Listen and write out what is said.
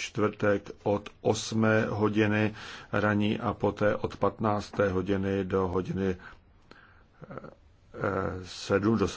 čtvrtek od 8 hodiny raní a poté od 15. hodiny do hodiny 7 eh, do